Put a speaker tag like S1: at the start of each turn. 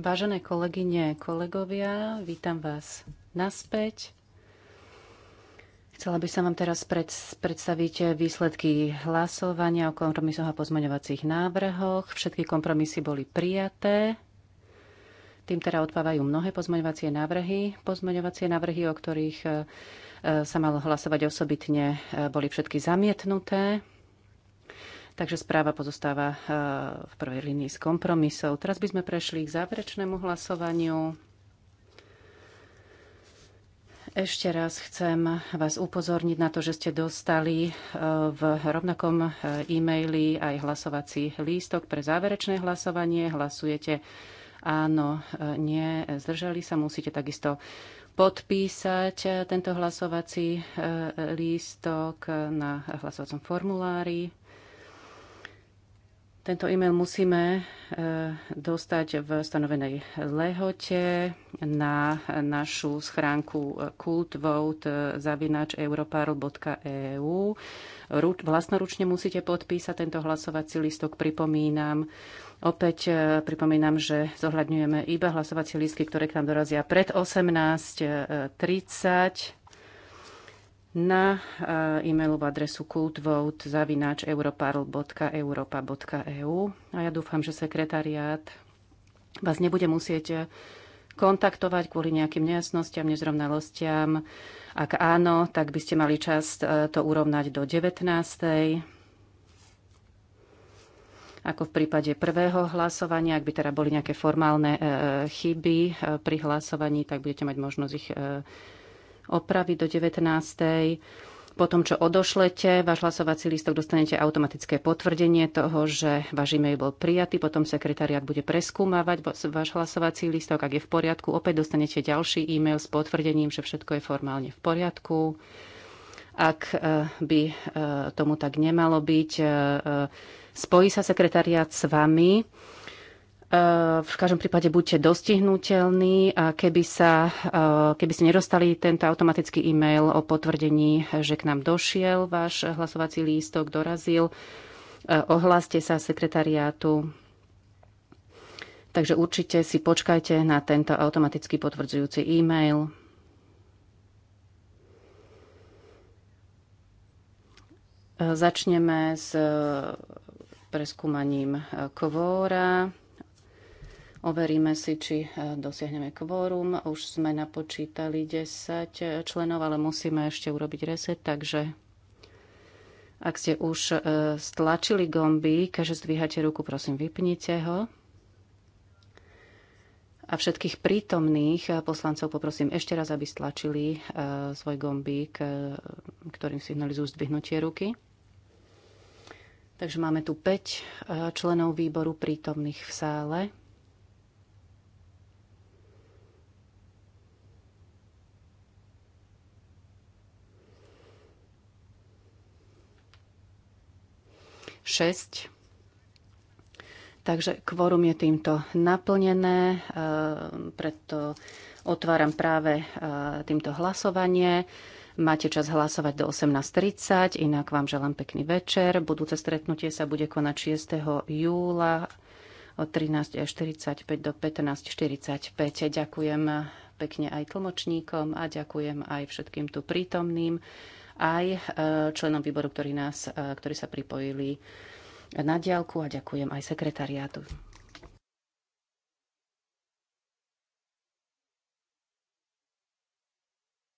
S1: Vážené kolegyne, kolegovia, vítam vás naspäť. Chcela by som vám teraz predstaviť výsledky hlasovania o kompromisoch a pozmaňovacích návrhoch. Všetky kompromisy boli prijaté. Tým teda odpávajú mnohé pozmaňovacie návrhy. Pozmaňovacie návrhy, o ktorých e, sa malo hlasovať osobitne, e, boli všetky zamietnuté. Takže správa pozostáva eh, v prvej línii s kompromisov. Teraz by sme prešli k záverečnému hlasovaniu. Ešte raz chcem vás upozorniť na to, že ste dostali eh, v rovnakom eh, e-maili aj hlasovací lístok pre záverečné hlasovanie. Hlasujete áno, nie, zdržali sa. Musíte takisto podpísať tento hlasovací lístok na hlasovacom formulári. Tento e-mail musíme e, dostať v stanovenej lehote na našu schránku cultvote.europarl.eu. E, vlastnoručne musíte podpísať tento hlasovací listok. Pripomínam, opäť e, pripomínam, že zohľadňujeme iba hlasovacie listky, ktoré k nám dorazia pred 18.30 na eh, e-mailovú adresu kultvote.europarl.europa.eu a ja dúfam, že sekretariát vás nebude musieť eh, kontaktovať kvôli nejakým nejasnostiam, nezrovnalostiam. Ak áno, tak by ste mali čas eh, to urovnať do 19. Ako v prípade prvého hlasovania, ak by teda boli nejaké formálne chyby pri hlasovaní, tak budete mať možnosť ich opravy do 19. Po tom, čo odošlete, váš hlasovací lístok dostanete automatické potvrdenie toho, že váš e-mail bol prijatý. Potom sekretariat bude preskúmavať váš hlasovací lístok. Ak je v poriadku, opäť dostanete ďalší e-mail s potvrdením, že všetko je formálne v poriadku. Ak e, by e, tomu tak nemalo byť, e, spojí sa sekretariat s vami Eh, v každom prípade buďte dostihnutelní a keby, sa, eh, keby ste nedostali tento automatický e-mail o potvrdení, že k nám došiel váš hlasovací lístok, dorazil, eh, ohláste sa sekretariátu. Takže určite si počkajte na tento automaticky potvrdzujúci e-mail. Začneme s preskúmaním kvóra. Overíme si, či e, dosiahneme kvórum. Už sme napočítali 10 členov, ale musíme ešte urobiť reset, takže ak ste už e, stlačili gombík, keďže zdvíhate ruku, prosím, vypnite ho. A všetkých prítomných e, poslancov poprosím ešte raz, aby stlačili svoj gombík, ktorým signalizujú zdvihnutie ruky. Takže máme tu 5 členov výboru prítomných v sále. 6. Takže kvorum je týmto naplnené, e, preto otváram práve e, týmto hlasovanie. Máte čas hlasovať do 18.30, inak vám želám pekný večer. Budúce stretnutie sa bude konať 6. júla od 13.45 do 15.45. Ďakujem pekne aj tlmočníkom a ďakujem aj všetkým tu prítomným aj e, členom výboru, ktorí, nás, e, ktorí sa pripojili na diálku a ďakujem aj sekretariátu.